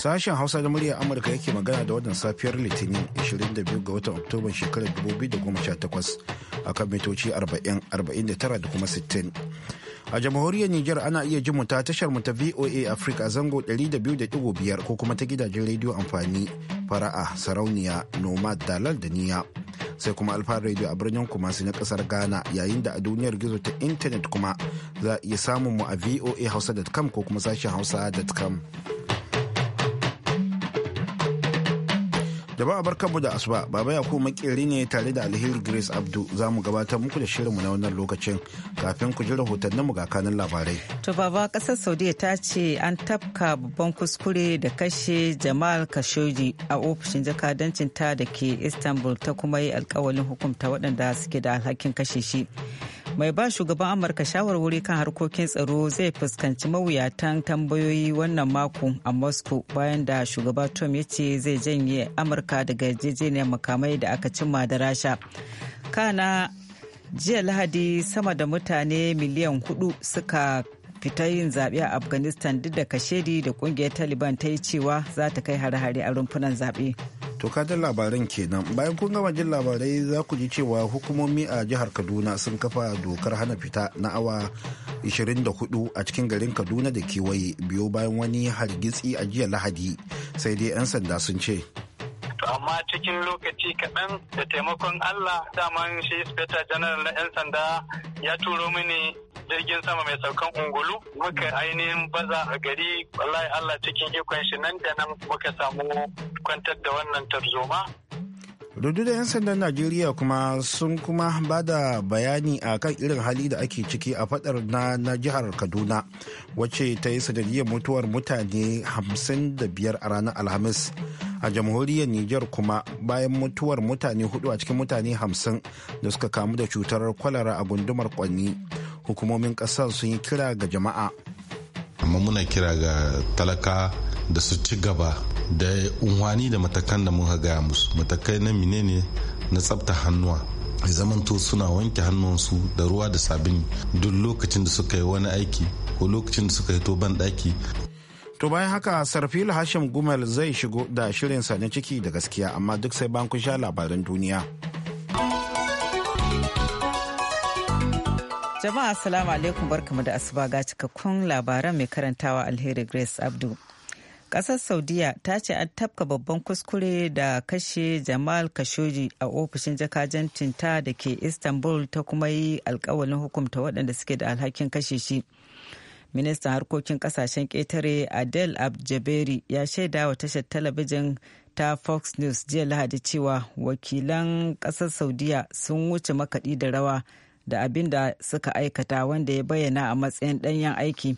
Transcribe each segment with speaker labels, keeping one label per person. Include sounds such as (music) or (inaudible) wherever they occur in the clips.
Speaker 1: Sashen Hausa da muryar Amurka yake magana da wannan safiyar Litinin 22 ga watan Oktoba shekarar 2018 a kan mitoci 40 da kuma 60. A jamhuriyar Nijar ana iya jin ta tashar mu ta VOA Africa zango 200.5 ko kuma ta gidajen rediyo amfani fara'a sarauniya nomad dalal da niya sai kuma alfahar radio a birnin kuma su na kasar ghana yayin da a duniyar gizo ta intanet kuma za a iya samun mu a voa hausa.com ko kuma sashen hausa.com jama'a barkanmu da asuba baba ya makeri ne tare da alheri grace abdu za mu gabatar muku da shirinmu na wannan lokacin kafin ku ji rahotannin mu ga kanin labarai
Speaker 2: to baba kasar saudiya ta ce an tafka babban kuskure da kashe jamal khashoggi a ofishin jakadancin ta da ke istanbul ta kuma yi alkawalin hukunta waɗanda suke da alhakin kashe shi mai ba shugaban amurka shawarwari kan harkokin tsaro zai fuskanci mawuyatan tambayoyi wannan mako a moscow bayan da shugaba tom ya ce zai janye amurka daga yarjejeniyar makamai da aka cimma da rasha kana jiya lahadi sama da mutane miliyan hudu suka fita yin zaɓe a afghanistan duk da kashedi da ƙungiyar taliban ta yi cewa za ta kai hare-hare a rumfunan zaɓe
Speaker 1: to kadar labaran kenan bayan kun gama jin labarai za ku ji cewa hukumomi a jihar kaduna sun kafa dokar hana fita na awa 24 a cikin garin kaduna da kewaye biyo bayan wani hargitsi a jiya lahadi sai dai 'yan sanda sun ce
Speaker 3: to amma cikin lokaci kaɗan da taimakon Allah daman shi inspector general na 'yan sanda ya turo mini jirgin sama mai saukan ungulu muka ainihin baza a gari wallahi Allah cikin ikon shi nan da nan muka
Speaker 1: samu kwantar da wannan tarzoma da 'yan sandan najeriya kuma sun kuma ba da bayani a kan irin hali da ake ciki a fadar na, na jihar kaduna wacce ta yi sanadiyar mutuwar mutane 55 a ranar alhamis a jamhuriyar niger kuma bayan mutuwar mutane hudu a cikin mutane hamsin da suka kamu da cutar kwalara a gundumar kwanni hukumomin kasar sun yi kira ga jama'a
Speaker 4: amma muna kira ga talaka da su ci gaba da unhwani da matakan da mun gaya musu matakai na menene na tsabta hannuwa zamanto suna wanke hannunsu da ruwa da sabini duk lokacin da suka yi wani
Speaker 1: aiki ko
Speaker 4: lokacin da suka yi ban daki
Speaker 1: To bayan haka Sarfil Hashim gumel zai shigo da shirin sa na ciki da gaskiya amma duk sai bayan kun sha labaran duniya.
Speaker 2: Jama'a Assalamu alaikum barkamu da asuba ga cikakkun labaran mai karantawa Alheri Grace Abdu. Kasar Saudiya ta ce an tafka babban kuskure da kashe Jamal Khashoggi a ofishin jakajancin ta da ke Istanbul ta kuma yi alkawalin hukumta waɗanda suke da alhakin kashe shi. ministan harkokin kasashen ƙetare adel abjaberi ya shaida wa tashar talabijin ta fox news jiya lahadi cewa wakilan ƙasar saudiya sun wuce makaɗi da rawa da abin da suka aikata wanda ya bayyana a matsayin ɗanyen aiki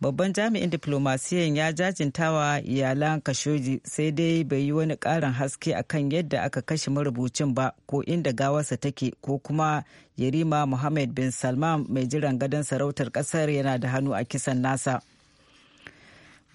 Speaker 2: babban jami'in diplomasiyan ya jajintawa iyalan kashoji sai dai bai yi wani karin haske akan yadda aka kashe marubucin ba ko inda gawarsa take ko kuma yarima muhammad bin salman mai jiran gadon sarautar kasar yana da hannu a kisan nasa.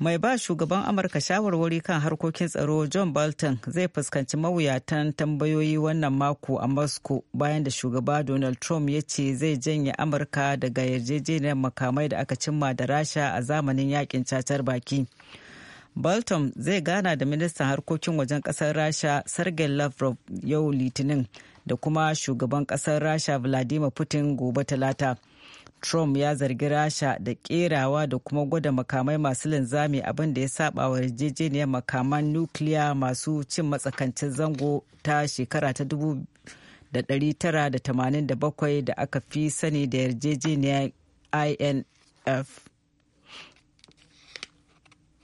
Speaker 2: mai ba shugaban amurka shawarwari kan harkokin tsaro john bolton zai fuskanci mawuyatan tambayoyi wannan mako a moscow bayan da shugaba donald trump ya ce zai janye amurka daga yarjejeniyar makamai da aka cimma da rasha a zamanin yakin cacar baki bolton zai gana da ministan harkokin wajen kasar rasha sergei lavrov yau litinin da kuma shugaban kasar rasha vladimir putin gobe talata. Trump ya zargi Rasha da kerawa da kuma gwada makamai masu linzami abin da ya saba wa yarjejeniyar makaman nukiliya masu cin matsakancin zango ta shekara ta 1987 da aka fi sani da yarjejeniyar INF.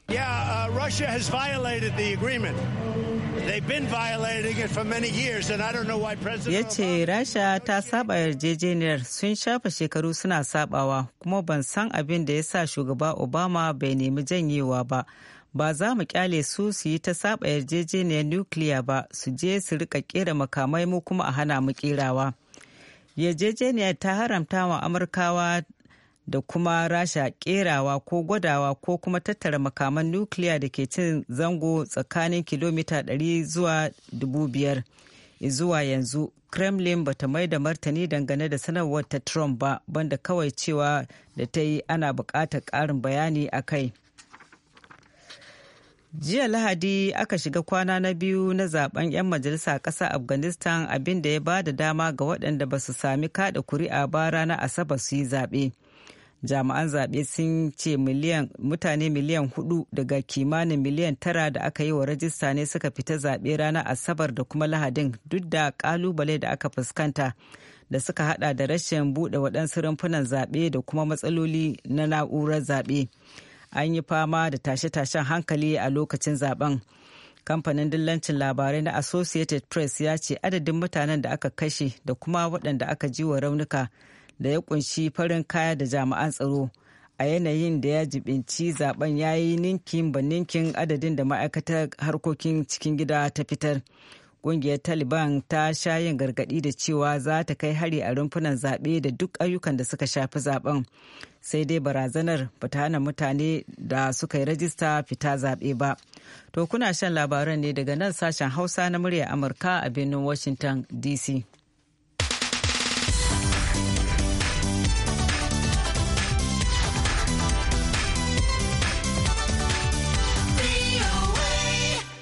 Speaker 3: Yeah, uh, Russia has violated the agreement. Ya ce
Speaker 2: Rasha ta saba yarjejeniyar sun shafa shekaru suna sabawa kuma ban san abin da ya sa shugaba Obama bai nemi janyewa ba. Ba za mu kyale su su yi ta saba yarjejeniyar nukiliya ba su je su rika kera makamai mu kuma a hana mu kerawa. yarjejeniyar ta haramta wa amurkawa da kuma rasha kerawa ko gwadawa ko kuma tattara makaman nukiliya da ke cin zango tsakanin kilomita 100 zuwa 5,000 zuwa yanzu kremlin bata mai da martani dangane da sanarwar ta trump ba banda kawai cewa da ta yi ana bukatar karin bayani a kai jiya lahadi aka shiga kwana na biyu na zaben 'yan majalisa ƙasa afghanistan abinda ya ba da dama ga waɗanda ba su sami kada kuri'a ba ranar asabar su yi zaɓe jami'an zaɓe sun ce mutane miliyan hudu daga kimanin miliyan tara da aka yi wa rajista ne suka fita zaɓe ranar asabar da kuma lahadin duk da kalubale da aka fuskanta da suka hada da rashin buɗe waɗansu rumfunan zaɓe da kuma matsaloli na na'urar zaɓe an yi fama da tashe-tashen hankali a lokacin zaben kamfanin dillancin labarai na associated press ya ce adadin mutanen da aka kashe da kuma waɗanda aka ji wa raunuka da ya kunshi farin kaya da jami'an tsaro a yanayin da ya jibinci zaben ya yi ninkin ba ninkin adadin da ma'aikatar harkokin cikin gida ta fitar ƙungiyar taliban ta sha yin gargaɗi da cewa za ta kai hari a rumfunan zaɓe da duk ayyukan da suka shafi zaben sai dai barazanar ba ta hana mutane da suka yi rajista fita zaɓe ba to kuna shan labaran ne daga nan sashen hausa na murya amurka a birnin washington dc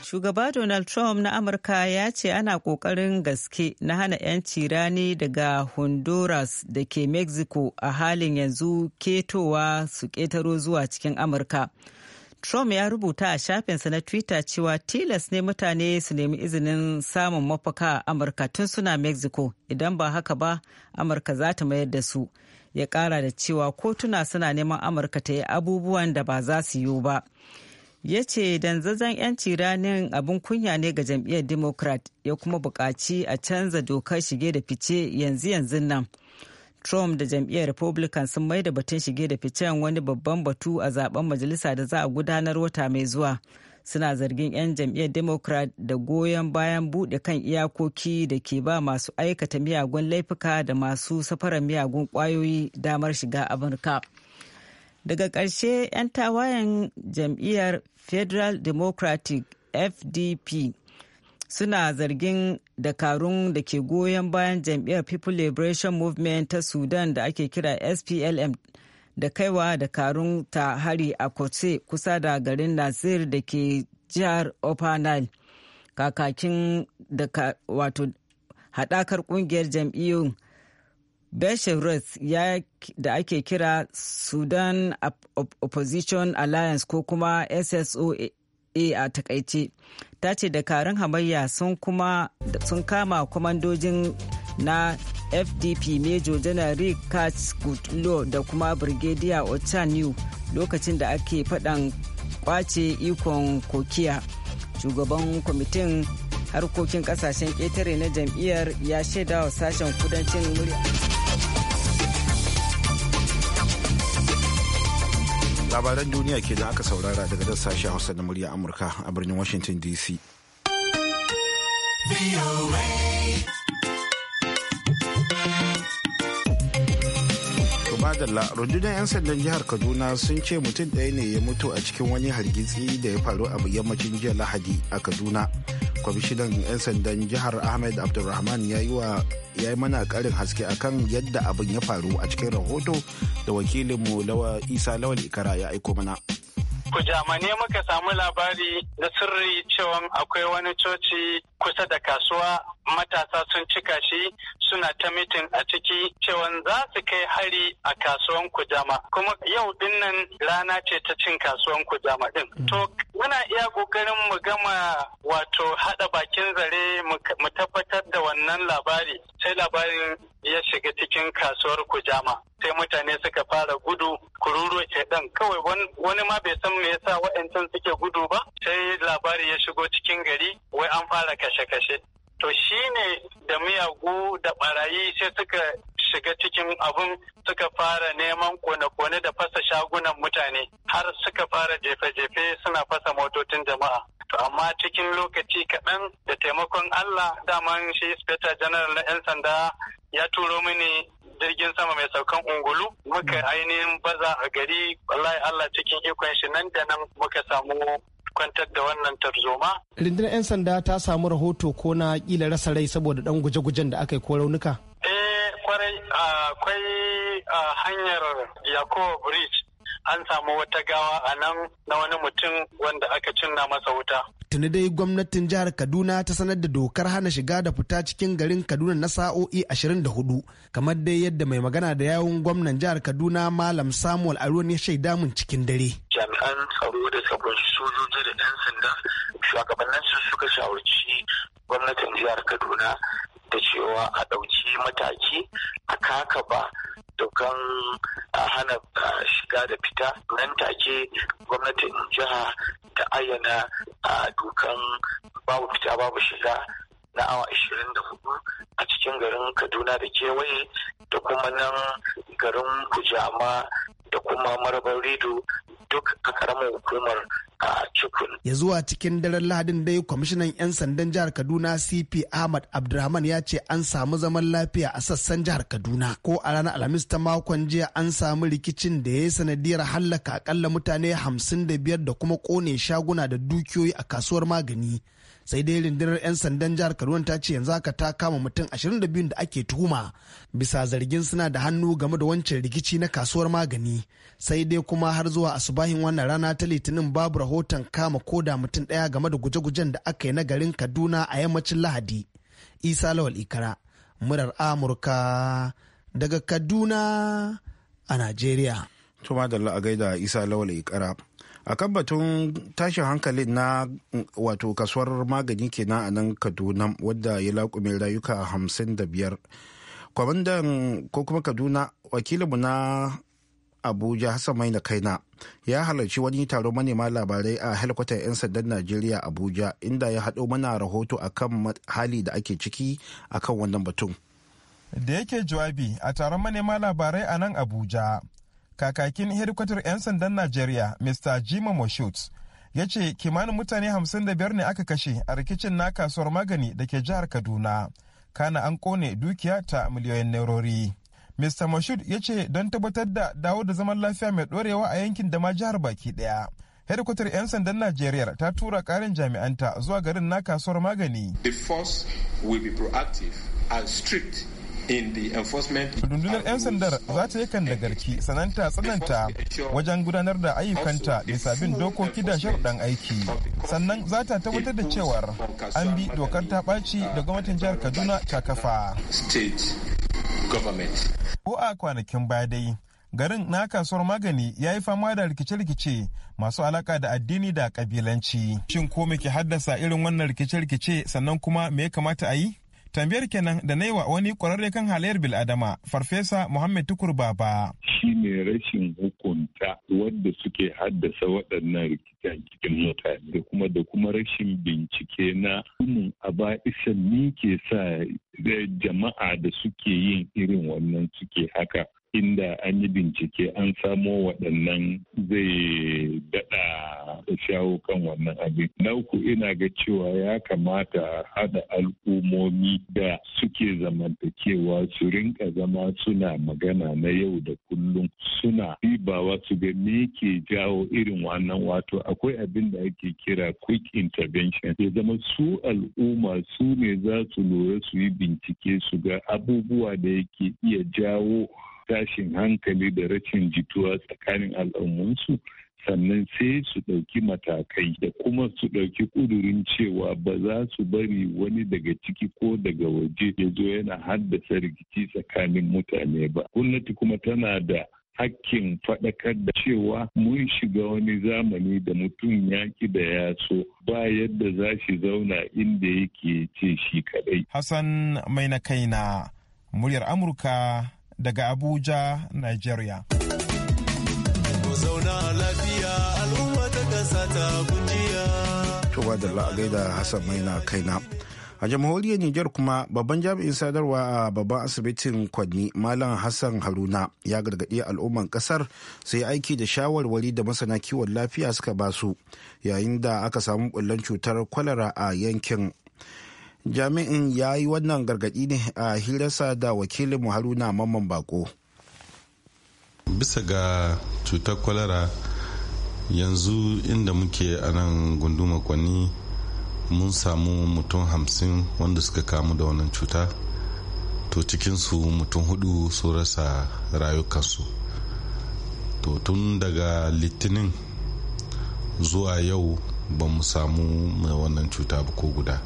Speaker 2: shugaba Donald Trump na Amurka ya ce ana ƙoƙarin gaske na hana 'yanci rani daga Honduras da ke Mexico a halin yanzu ketowa su ƙetaro zuwa cikin Amurka. Trump ya rubuta a shafinsa na Twitter cewa tilas ne mutane su nemi izinin samun mafaka a Amurka tun suna Mexico idan ba haka ba Amurka za ta mayar da su. Ya ƙara da cewa kotuna suna neman Amurka ta yi abubuwan da ba za su yiwu ba. ya ce danzazan 'yanci ranin abin kunya ne ga jam'iyyar democrat ya kuma buƙaci a canza dokar shige da fice yanzu yanzu nan trump da jam'iyyar republican sun mai da batun shige da ficen wani babban batu a zaben majalisa da za a gudanar wata mai zuwa suna zargin 'yan jam'iyyar democrat da goyon bayan buɗe kan iyakoki da ke ba masu aikata miyagun laifuka da masu safarar miyagun kwayoyi damar shiga amurka. daga ƙarshe 'yan tawayen jam'iyyar federal democratic fdp suna zargin dakarun da ke goyon bayan jam'iyyar people liberation movement ta sudan da ake kira splm da kaiwa dakarun ta hari a kotse kusa da garin nasir da ke jihar opanal kakakin da wato haɗakar ƙungiyar jam'iyyar Beshevrets ya da ake kira Sudan Opposition Alliance ko kuma SSOA a takaice ta ce dakarun hamayya sun kama kwamandojin na FDP major Janar Rick Gutlo da kuma Brigadier new lokacin da ake faɗan kwace ikon kokiya. Shugaban kwamitin harkokin kasashen ƙetare na jam'iyyar ya shaidawa sashen kudancin murya.
Speaker 1: labaran duniya ke aka saurara daga da sashen hausa na murya amurka a birnin washington dc madalla rundunar 'yan sandan jihar kaduna sun ce mutum ɗaya ne ya mutu a cikin wani hargitsi da ya faru a yammacin jiya lahadi a kaduna kwamishinan 'yan sandan jihar ahmed abdulrahman ya yi mana karin haske akan yadda abin ya faru a cikin rahoto da wakilinmu lawa isa lawal ikara ya aiko mana
Speaker 3: ku kujamane muka samu labari na sirri cewa akwai wani coci kusa da kasuwa matasa sun cika shi suna ta mitin a ciki Cewa za su kai hari a kasuwan kujama kuma yau dinnan rana ce ta cin kasuwan kujama din mm. to muna iya kokarin mu gama wato hada bakin zare mu tabbatar da wannan labari sai labarin ya shiga cikin kasuwar kujama sai mutane suka fara gudu kururu ke dan kawai wani ma bai san me yasa wa'ancan suke gudu ba sai labari ya shigo cikin gari wai an fara kashe-kashe to ne da miyagu da barayi sai suka shiga cikin abun suka fara neman kone-kone da fasa shagunan mutane har suka fara jefe-jefe suna fasa motocin jama'a to amma cikin lokaci kaɗan da taimakon Allah daman shi inspector general na 'yan sanda ya turo mini jirgin sama mai saukan ungulu muka ainihin baza a gari wallahi Allah cikin ikon shi nan da nan muka samu kwantar da wannan tarzoma.
Speaker 5: rindinar 'yan sanda ta samu rahoto ko na kila rasa rai saboda ɗan guje-gujen da aka yi ko raunuka?
Speaker 3: Eh kwarai akwai ah, hanyar Yakubu Bridge an samu wata gawa a nan na wani mutum wanda aka cinna masa wuta.
Speaker 5: Tuni dai gwamnatin jihar Kaduna ta sanar da dokar hana shiga da fita cikin garin Kaduna na sa'o'i 24 kamar dai yadda mai magana da yawun gwamnan jihar Kaduna Malam Samuel Aruwan ya shaida mun cikin dare.
Speaker 3: Jami'an tsaro da sabon sojoji da
Speaker 5: zuwa cikin daren lahadin dai kwamishinan 'yan sandan jihar kaduna cp ahmad abdulrahman ya ce an samu zaman lafiya a sassan jihar kaduna ko a ranar alhamis ta makon jiya an samu rikicin da ya yi sanadiyar hallaka akalla mutane hamsin da biyar da kuma kone shaguna da dukiyoyi a kasuwar magani sai dai rundunar 'yan sandan jihar kaduna ta ce yanzu haka ta kama mutum 22 da ake tuhuma bisa zargin suna da hannu game da wancan rikici na kasuwar magani sai dai kuma har zuwa asubahin wannan rana ta litinin babu rahoton kama koda mutum daya game da guje-gujen da aka yi na garin kaduna a yammacin lahadi isa lawal ikara murar amurka daga kaduna a nigeria. tuma
Speaker 1: da da isa lawal ikara a kan batun tashin hankalin na wato kasuwar magani kenan a nan kaduna wadda ya laƙume rayuka hamsin da biyar kwamandan ko kuma kaduna wakilinmu na abuja hassan mai na kaina ya halarci wani taron manema labarai a helikwatar 'yan sandan najeriya abuja inda ya haɗo mana rahoto akan hali da ake ciki akan wannan batun
Speaker 6: da yake jawabi a taron manema labarai a nan abuja kakakin hedikwatar 'yan sandan najeriya mr jima moshut ya ce kimanin mutane 55 ne aka kashe a rikicin na kasuwar magani da ke jihar kaduna kana an kone dukiya ta miliyoyin naurori mr moshut ya ce don tabbatar da dawo da zaman lafiya mai dorewa a yankin da ma jihar baki daya hedikwatar 'yan sandan najeriya ta tura ƙarin jami'anta zuwa garin na kasuwar magani the force will be proactive and strict Rundunar 'yan sandar za ta yi kan da garki sananta tsananta wajen gudanar da ayyukanta bisa bin dokoki da sharuɗan aiki. Sannan za ta tabbatar da cewar an bi dokar ta ɓaci da gwamnatin jihar Kaduna ta kafa. Ko a kwanakin baya dai, garin na kasuwar magani ya yi fama da rikice-rikice masu alaka da addini da kabilanci. Shin ko ke haddasa irin wannan rikice-rikice sannan kuma me ya kamata a yi? tambayar kenan da na yi wa wani kwararre kan halayyar biladama farfesa muhammed tukur baba
Speaker 7: Shi ne rashin hukunta wadda suke haddasa waɗannan rikita cikin mutane da kuma da kuma rashin bincike na umun isa ni ke sa jama'a da suke yin irin wannan suke haka inda an yi bincike an samo waɗannan zai daɗa shawo kan wannan abin. Na uku ina ga cewa ya kamata haɗa al'ummomi da suke zamantakewa su rinka zama suna magana na yau da kullum suna ribawa su ga me ke jawo irin wannan wato akwai abin da ake kira quick intervention ya zama su al'umma su ne za su lura su yi bincike su ga abubuwa da yake iya jawo tashin hankali da rashin jituwa tsakanin al'ummunsu sannan sai su ɗauki matakai da kuma su ɗauki ƙudurin cewa ba za su bari wani daga ciki ko daga waje ya zo yana haddasa rikici tsakanin mutane ba. Gwamnati kuma tana da hakkin faɗakar da cewa mun shiga wani zamani da mutum ki da ya so ba yadda za shi zauna inda yake ce shi kaɗai. Hassan mai na kaina
Speaker 6: muryar Amurka daga Abuja, Nigeria.
Speaker 3: zauna lafiya al'umma Tuba da
Speaker 1: la'agaida Hassan Maina kaina. a jamhuriyar Nijar kuma babban jami'in sadarwa a babban asibitin kwanni Malam Hassan Haruna ya gargaɗi al'umman ƙasar sai aiki da shawarwari da masana kiwon lafiya suka basu yayin da aka samu ɓullan cutar kwalara a yankin jami'in ya yi wannan gargaɗi ne a hirarsa da wakilin haruna mamman bako
Speaker 4: bisa ga cutar kwalara yanzu inda muke a nan gunduma makonni mun samu mutum hamsin wanda suka kamu da wannan cuta to cikinsu mutum hudu su rasa rayukansu to tun daga litinin zuwa yau ba mu samu mai wannan cuta ba ko guda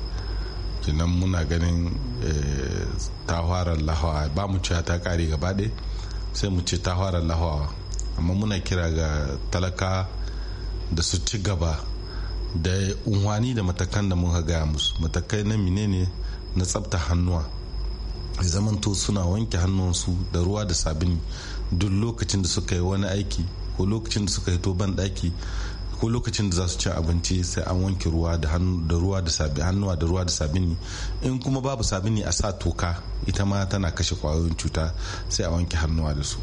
Speaker 4: kenan muna ganin eh, ta fara lahawa ba mu cewa ta kare gaba sai mu ce ta fara lahawa amma muna kira ga talaka da su ci gaba da unhwani da matakan da muka gaya musu matakai na menene na tsabta hannuwa zamanto suna wanke hannunsu da ruwa da sabini duk lokacin da suka yi wani aiki ko lokacin da suka hito ban daki ko lokacin da za su ci abinci sai an wanke ruwa da hannu da ruwa da sabi hannuwa da ruwa da sabini in kuma babu sabini a sa toka ita ma tana kashe kwayoyin cuta sai a wanke hannuwa da su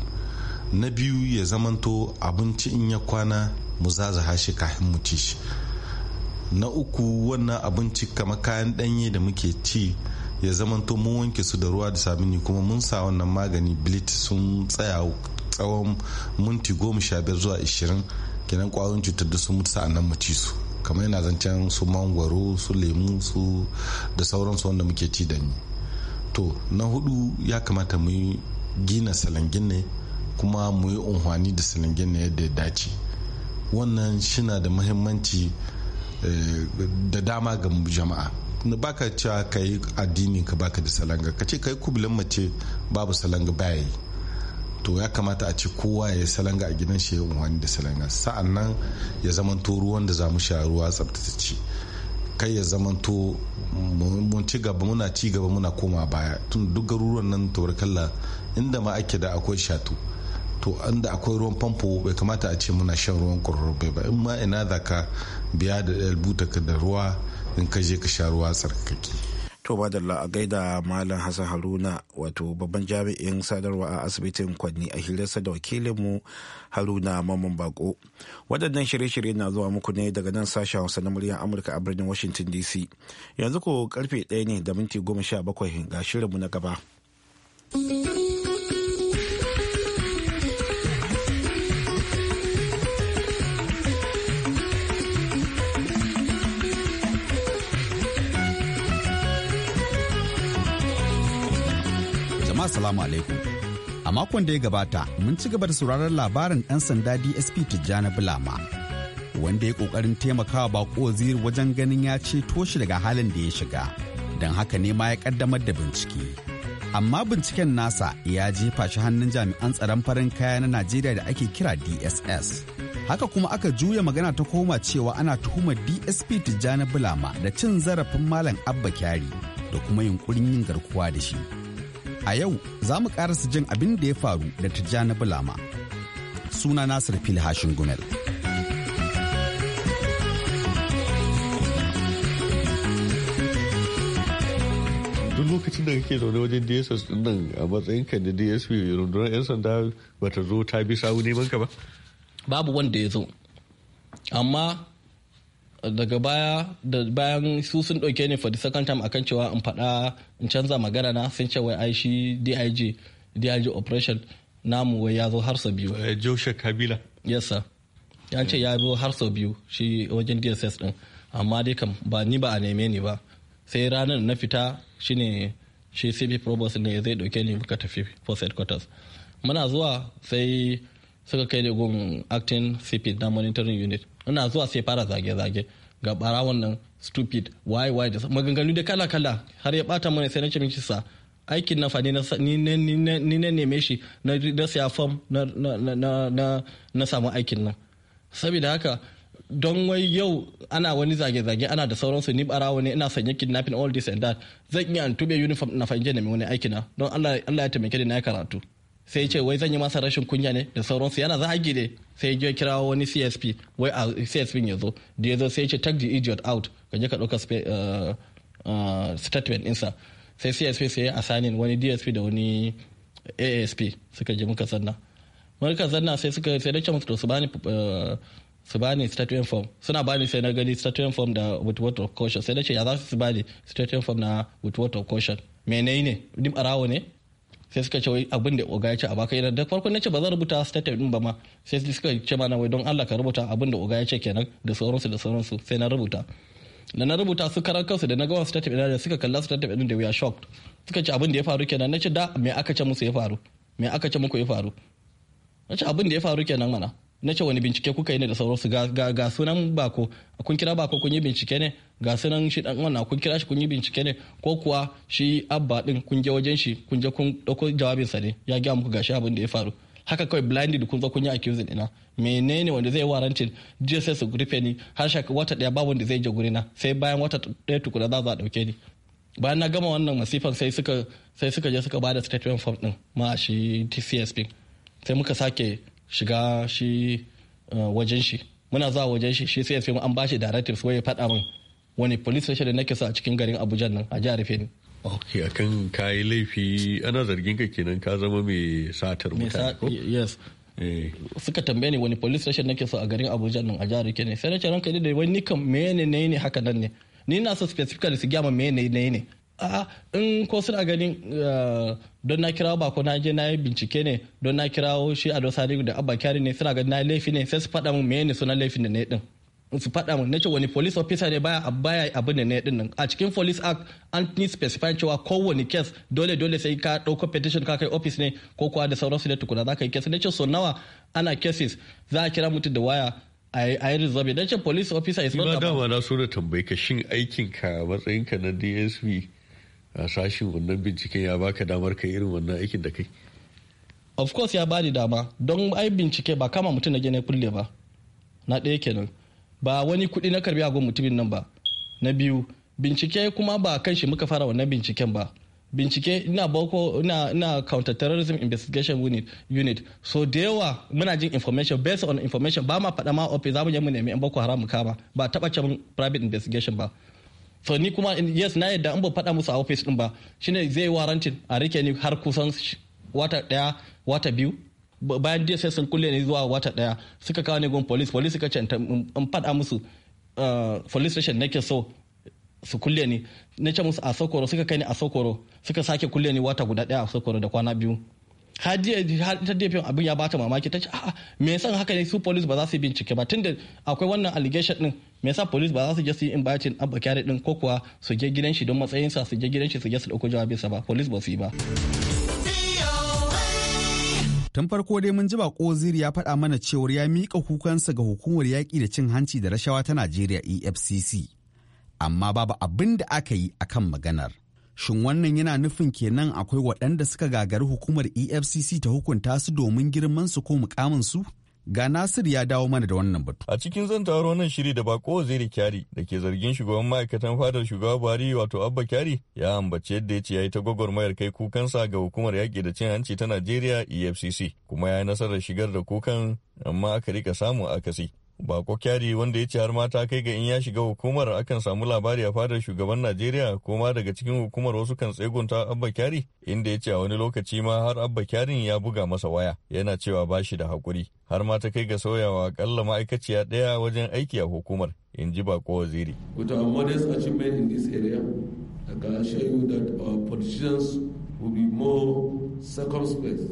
Speaker 4: na biyu ya zamanto abinci in ya kwana mu zazaha shi kafin mu ci shi na uku wannan abinci kamar kayan danye da muke ci ya zamanto mun wanke su da ruwa da sabini kuma mun sa wannan magani bleach sun tsaya tsawon minti goma sha biyar zuwa ashirin kenan kwayoyin cutar da sun mutu sa'annan mu ci su kamar yana zancen su mangwaro su lemu su da sauransu wanda muke ci da ni to na hudu ya kamata mu yi gina salangin ne kuma mu yi unhwani da salangin ne yadda ya dace wannan shina da muhimmanci eh, da dama ga jama'a na baka cewa ka yi addini ka baka da salanga ka ce ka yi kubilin mace babu salanga baya yi to ya kamata a ce kowa ya salanga a gidan shi ya wani da salanga sa'an nan ya zamanto ruwan da za mu sha ruwa tsabtace kai ya zamanto mun ci gaba muna ci gaba muna koma baya tun duk garuruwan nan tabarkalla inda ma ake da akwai shatu to inda akwai ruwan famfo bai kamata a ce muna shan ruwan kwararrabe ba in ma ina za ka biya da buta ka da ruwa in ka je ka sha ruwa tsarkake
Speaker 1: to madalla a gaida malam hassan haruna wato babban jami'in sadarwa a asibitin kwanni a hirarsa da wakilinmu haruna mamman bako waɗannan shirye-shirye na zuwa muku ne daga nan sashen hausa na muryar amurka a birnin washington dc yanzu ko karfe ɗaya ne da minti goma sha bakwai ga shirinmu na gaba.
Speaker 8: Assalamu alaikum. A makon da ya gabata, mun ci gaba da sauraron labarin ɗan sanda DSP Tijjani Bulama, wanda ya ƙoƙarin taimakawa bako wazir wajen ganin ya ceto shi daga halin da ya shiga. Don haka ne ma ya ƙaddamar da bincike. Amma binciken nasa ya jefa shi hannun jami'an tsaron farin kaya na Najeriya da ake kira DSS. haka kuma aka juya magana ta koma cewa ana tuhumar dsp tijjani bulama da cin zarafin malam abba kyari da kuma yunkurin yin garkuwa da shi A yau za mu karasa jin abin da ya faru da Tijjani Bulama. Suna Nasir Filhashin
Speaker 9: Gumel. duk lokacin da kake zaune wajen dss din nan a matsayin ka da dsp rundunar 'yan sanda bata zo ta bi sawu neman ka ba babu wanda ya zo amma daga baya da bayan
Speaker 10: su sun ɗauke ni for the second time akan cewa in faɗa in canza magana na sun ce wai ai shi DIG DIG operation namu wai ya zo har sau biyu. Eh, Joshua Kabila. Yes sir. Ya ce ya zo har sau biyu shi wajen DSS din amma dai kam ba ni ba a neme ni ba sai ranar na fita shine shi CP Provost ne zai ɗauke ni muka tafi for headquarters. Muna zuwa sai suka kai ne gun acting cpd na monitoring unit ina zuwa sai fara zage-zage ga barawon nan stupid why why da maganganu da kala-kala har ya bata mana sai na ce miki sa aikin na ne ni na neme shi na na fam na samu aikin nan saboda haka don wai yau ana wani zage-zage ana da sauransu ni barawo ne ina sanya kidnapping all this and that zan iya an tube uniform na fahimce na mai wani aikina don Allah ya taimake da na karatu sai ce wai zan yi masa rashin kunya ne da sauransu yana zagi ne sai ya kira wani csp wai a csp ya zo da ya zo sai ce take the idiot out ka je ka ɗauka eh, eh, statement ɗinsa sai csp sai ya asanin wani dsp da wani asp suka je muka zanna muka zanna sai suka sai da ce to su bani eh, su bani statement form suna bani sai na gani statement form da with water caution sai da ce ya za su bani statement form na with water caution menene ɗin barawo ne sai suka ce abin da oga ya ce a baka idan da farko na ce ba zan rubuta state din ba ma sai suka ce mana wai don Allah ka rubuta abin da oga ya ce kenan da sauransu da sauransu sai na rubuta da na rubuta su karar kansu da na gawa statement din da suka kalla state din da we are shocked suka ce abin da ya faru kenan na ce da me aka ce musu ya faru me aka ce muku ya faru na ce abin da ya faru kenan mana na ce wani bincike kuka yi ne da sauransu ga sunan bako kun kira bako kun yi bincike ne ga sunan shi dan wannan kun kira shi kun yi bincike ne ko kuwa shi abba din kun je wajen shi kun je kun dauko jawabinsa ne ya gaya muku gashi abin da ya faru haka kawai blinded kun zo kun yi accusing ina menene wanda zai warrantin jiya sai su rufe ni har shaka wata daya babu wanda zai je na sai bayan wata daya tukuna za a dauke ni bayan na gama wannan masifan sai suka sai suka je suka bada statement form din ma shi TCSP sai muka sake shiga shi eh, wajen shi muna zuwa wajen shi shi sai ya mu an bashi directives wai ya faɗa min wani police station da nake sa a cikin garin Abuja nan a jihar Fene.
Speaker 9: ok akan kayi laifi ana zargin ka kenan ka zama mai satar mutane ko yes eh. suka tambaye ni wani police
Speaker 10: station nake so a garin Abuja nan a jihar Fene. sai na ce ranka da wani nikan mene ne ne haka nan ne ni na so specifically su gyama mene ne ne a in ko suna ganin eh, don na kirawo bako na je na yi bincike ne don na kirawo shi a dosari da abba kyari ne suna ganin na laifi ne sai su faɗa mun meye ne suna laifin da ne din su faɗa mun nace wani police officer ne baya abaya abin da ne din nan a cikin police act an ni specify cewa kowane case dole dole sai ka ɗauko petition ka kai office ne ko kuwa da su ne tukuna za ka yi case nace so nawa ana cases za a kira mutum da waya a yi resolve nace police officer is not a Ina
Speaker 9: dama na so na tambayi ka shin aikinka matsayinka na DSP a sashin wannan binciken ya baka damar ka irin wannan aikin da kai
Speaker 10: of course ya bani dama don ai bincike ba kama mutum na na kulle ba na ɗaya kenan ba wani kuɗi na karbi agon mutumin nan ba na biyu bincike kuma ba kan shi muka fara wannan binciken ba bincike ina boko ina ina counter terrorism investigation unit unit so da yawa muna jin information based on information ba ma faɗa ma office za mu je mu nemi yan boko haram kama ba taɓa cewa private investigation ba so ni kuma yes na yadda an ba faɗa musu a office din ba shine zai warantin a rike ni har kusan wata daya wata biyu bayan sai sun kulle ni zuwa wata daya suka kawo ni gun police police suka ce in faɗa musu uh, police station nake so su kulle ni na ce musu a sokoro suka kai ni a sokoro suka sake kulle ni wata guda daya a sokoro da kwana biyu hajiya ta gefen abin ya bata mamaki ta ce a'a me yasa haka ne su police ba za su yi bincike ba tunda akwai wannan allegation din me yasa police ba za su je su yi da abba kyare din ko kuwa su je gidan shi don matsayin sa su je gidan shi su je su dauko sa ba police ba su yi ba
Speaker 8: tun farko dai mun ji ba ziri ya faɗa mana cewar ya miƙa kukansa ga hukumar yaƙi da cin hanci da rashawa ta najeriya efcc amma babu abin da aka yi akan maganar shin wannan yana nufin kenan akwai waɗanda suka gagari hukumar efcc ta hukunta su domin girman su ko mukamin su Ga Nasir ya dawo mana da wannan batu.
Speaker 9: A cikin zan taro nan shiri da bako zai Kyari da ke zargin shugaban ma'aikatan fadar shugaba Buhari wato Abba Kyari ya ambaci yadda ya ce ya yi ta gwagwarmayar kai kukansa ga hukumar yaƙi da cin hanci ta Najeriya EFCC kuma ya yi nasarar shigar da kukan amma aka rika samu akasi. Bako kyari wanda ya ce har mata kai ga in ya shiga hukumar akan samu labari a fadar shugaban Najeriya ko ma daga cikin hukumar wasu kan tsegunta Abba kyari inda ya ce a wani lokaci ma har Abba kyarin ya buga masa waya yana cewa ba shi da hakuri har mata kai ga sauyawa akalla ma'aikaciya ɗaya wajen aiki a hukumar in ji Bako waziri. With our modest achievement
Speaker 11: in this area, I can assure you that our politicians will be more circumspect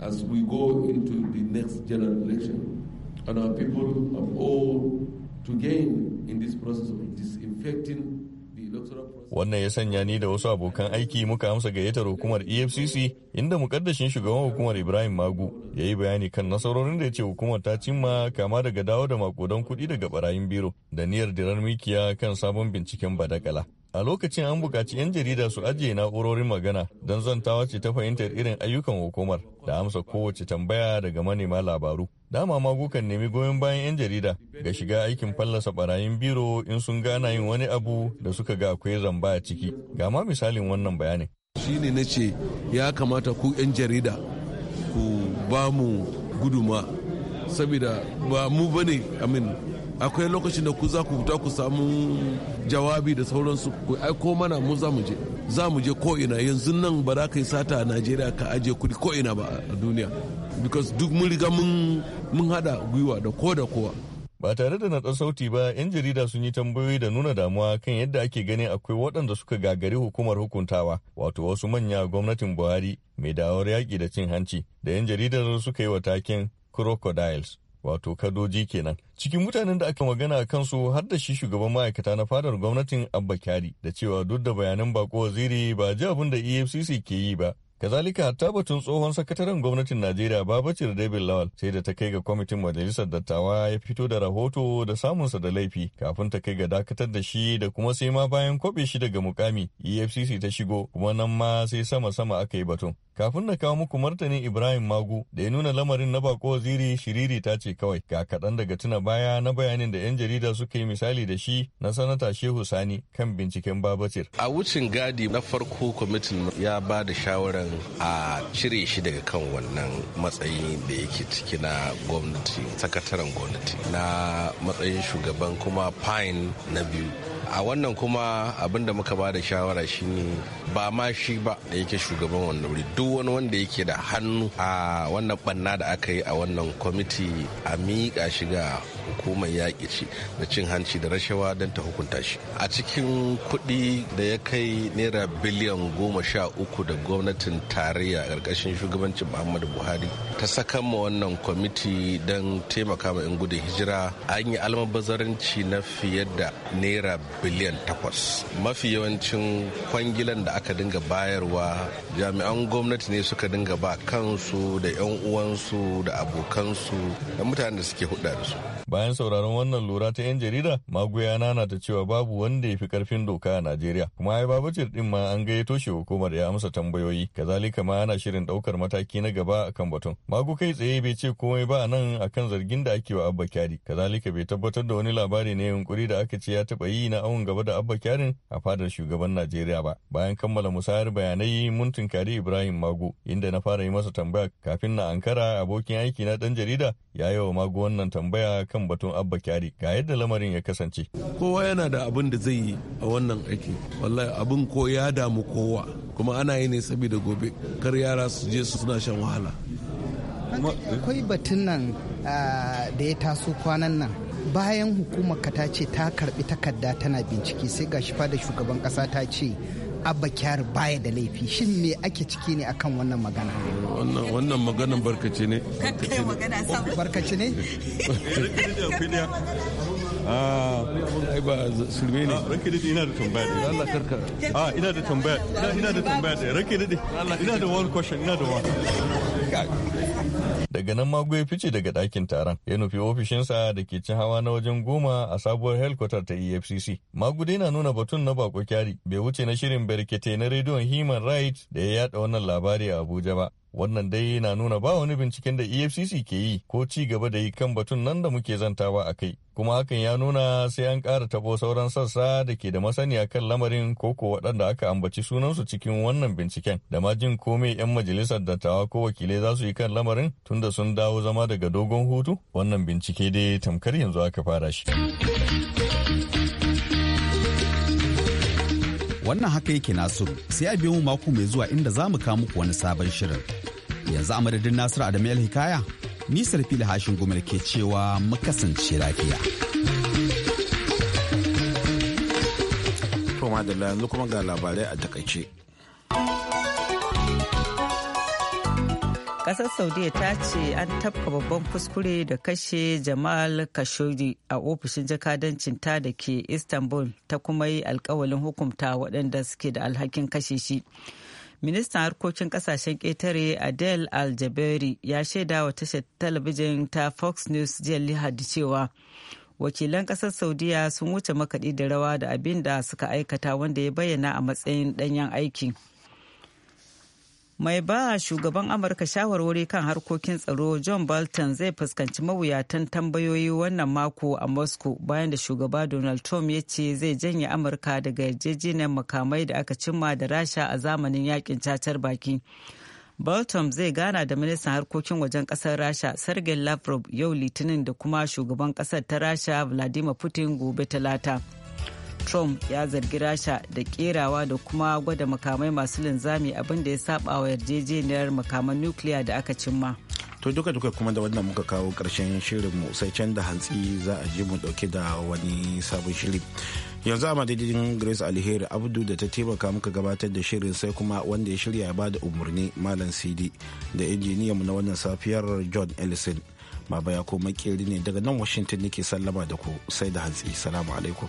Speaker 11: as we go into the next general election. and our people have all to gain in this process of disinfecting
Speaker 9: Wannan ya sanya ni da wasu abokan aiki muka amsa gayyatar hukumar EFCC inda mukaddashin shugaban hukumar Ibrahim Magu ya yi bayani kan nasarorin da ya ce hukumar ta cimma kama daga dawo da makodan kuɗi daga barayin biro da niyyar dirar mikiya kan sabon binciken badakala. a lokacin an buƙaci 'yan jarida su ajiye na'urorin magana don zantawa ce ta fahimtar irin ayyukan hukumar da amsa kowace tambaya daga manema labaru dama magukan nemi goyon bayan 'yan jarida ga shiga aikin fallasa barayin biro in sun gana yin wani abu da suka ga akwai zamba a ciki ga ma misalin wannan bayanin ne na ce ya kamata ku
Speaker 11: 'yan jarida ku ba mu guduma saboda ba mu bane amin akwai lokacin da ku za ku fita ku samu jawabi da sauransu ku aiko mana mu za mu je za mu je ko ina yanzu nan ba za ka yi sata a najeriya ka
Speaker 9: aje kuɗi ko ina ba a duniya because duk mun riga mun hada gwiwa da ko da kowa ba tare da naɗa sauti ba 'yan jarida sun yi tambayoyi da nuna damuwa kan yadda ake ganin akwai waɗanda suka gagari hukumar hukuntawa wato wasu manya gwamnatin buhari mai dawar yaƙi da cin hanci da 'yan jaridar suka yi wa taken crocodiles wato kadoji kenan cikin mutanen da aka magana a kansu har da shi shugaban ma'aikata na fadar gwamnatin abba kyari da cewa duk da bayanan bako waziri ba ji abin da efcc ke yi ba Kazalika ta batun tsohon sakataren gwamnatin Najeriya Babacir David Lawal sai da ta kai ga kwamitin majalisar dattawa ya fito da rahoto da samunsa da laifi kafin ta kai ga dakatar da shi da kuma sai ma bayan kwabe shi daga mukami EFCC ta shigo kuma nan ma sai sama-sama aka yi batun. Kafin na kawo muku martanin Ibrahim Magu da ya nuna lamarin na bako waziri shiriri ta ce kawai ga kaɗan daga tuna baya na bayanin da 'yan jarida suka yi misali da shi na sanata Shehu Sani kan binciken Babacir.
Speaker 11: A wucin gadi na farko kwamitin ya ba da shawarar nan a cire shi daga kan wannan matsayi da yake ciki na gwamnati sakataren gwamnati na matsayin shugaban kuma fine na biyu a wannan kuma abinda muka ba da shawara shine ba ma shi ba da yake shugaban wannan wuri duk wani wanda yake da hannu a wannan banna da aka yi a wannan kwamiti a miƙa shi ga hukumar yaƙi ci da cin hanci da rashawa don ta hukunta shi a cikin kuɗi da ya kai naira biliyan goma sha uku da gwamnatin gwamnatin tarayya a ƙarƙashin shugabancin muhammadu buhari ta saka ma wannan kwamiti don taimaka ma 'yan gudun hijira an yi almabazarinci na fiye da naira biliyan takwas mafi yawancin kwangilan da aka dinga bayarwa jami'an gwamnati ne suka dinga ba kansu da 'yan uwansu da abokansu da mutanen da suke hudu da su
Speaker 9: bayan sauraron wannan lura ta 'yan jarida magoya nana ta cewa babu wanda ya fi karfin doka a najeriya kuma ai babu ɗin ma an gayyato shi hukumar ya amsa tambayoyi kazalika ma ana shirin daukar mataki na gaba a kan batun magu kai tsaye bai ce komai ba nan a kan zargin da ake wa abba kyari kazalika bai tabbatar da wani labari ne yunkuri da aka ce ya taba yi na awon gaba da abba kyarin a fadar shugaban najeriya ba bayan kammala musayar bayanai mun tunkari ibrahim magu inda na fara yi masa tambaya kafin na ankara abokin aiki na dan jarida ya yi wa magu wannan tambaya kan batun abba kyari ga yadda lamarin ya kasance kowa yana da abin da zai yi a wannan
Speaker 11: aiki wallahi abin ko ya damu kowa kuma ana yi ne saboda gobe gobe kar yara su je su suna shan wahala
Speaker 5: eh. akwai batun nan ah, da ya taso kwanan nan bayan hukumar ka ta ce ta karbi takarda tana bincike sai ga shifa da shugaban kasa ta ce abba kyar baya da laifi shin me ake ciki ne akan wannan magana
Speaker 11: wannan maganan barkace ne
Speaker 2: barkace ne
Speaker 9: (laughs) Ah, ai ba sulme ne ah, ranke dade ina da tambaya da Allah karka a ah, ina da tambaya ina da tambaya da ranke ina da one question ina da one daga nan mago ya fice daga ɗakin taron ya nufi ofishinsa da ke cin hawa na wajen goma a sabuwar helkwatar ta efcc mago dai na nuna batun na bako kyari bai wuce na shirin barkete na rediyon human rights da ya yada wannan labari a abuja ba Wannan dai na nuna ba wani binciken da EFCC ke yi ko ci gaba da yi kan batun nan da muke zantawa a kai. Kuma hakan ya nuna sai an kara tabo sauran sassa da ke da masaniya kan lamarin ko ko waɗanda aka ambaci sunansu cikin wannan binciken da ma jin komai 'yan majalisar dattawa ko wakilai za su yi kan lamarin tunda sun dawo zama daga dogon hutu wannan bincike dai tamkar yanzu aka fara shi.
Speaker 8: wannan haka yake nasu sai a biyo mu mako mai zuwa inda za mu kawo muku wani sabon shirin yanzu a madadin nasiru adamu yal hikaya nisar fili hashin gumel ke cewa mu kasance lafiya
Speaker 1: kuma ga labarai a takaice
Speaker 2: kasar saudiya ta ce an tafka babban kuskure da kashe jamal khashoggi a ofishin jakadancin ta da ke istanbul ta kuma yi alkawalin hukumta waɗanda suke da alhakin kashe shi ministan harkokin kasashen ƙetare adel aljaberi ya shaida wa tashar talabijin ta fox news jiya lahadi cewa wakilan kasar saudiya sun wuce makaɗi da rawa da abin da suka aikata wanda ya bayyana a matsayin ɗanyen aiki. mai ba shugaban amurka shawarwari kan harkokin tsaro john bolton zai fuskanci mawuyatan tambayoyi wannan mako a moscow bayan da shugaba donald trump ya ce zai janye amurka daga yarjejeniyar makamai da aka cimma da rasha a zamanin yakin cacar baki bolton zai gana da ministan harkokin wajen kasar rasha sergei lavrov yau litinin da kuma shugaban kasar ta rasha vladimir putin gobe talata. trump ya zargi rasha da kerawa da kuma gwada makamai masu linzami abinda ya saba wa yarjejeniyar makaman nukiliya da aka cimma
Speaker 1: to duka duka kuma da wannan muka kawo karshen shirinmu sai can da hantsi za a ji mu dauke da wani sabon shiri yanzu a madadin grace alheri abdu da ta taimaka muka gabatar da shirin sai kuma wanda ya shirya ya bada umarni malam cd da injiniyanmu na wannan safiyar john ellison baba ya ko makeri ne daga nan washington nake sallama da ku sai da hantsi salamu alaikum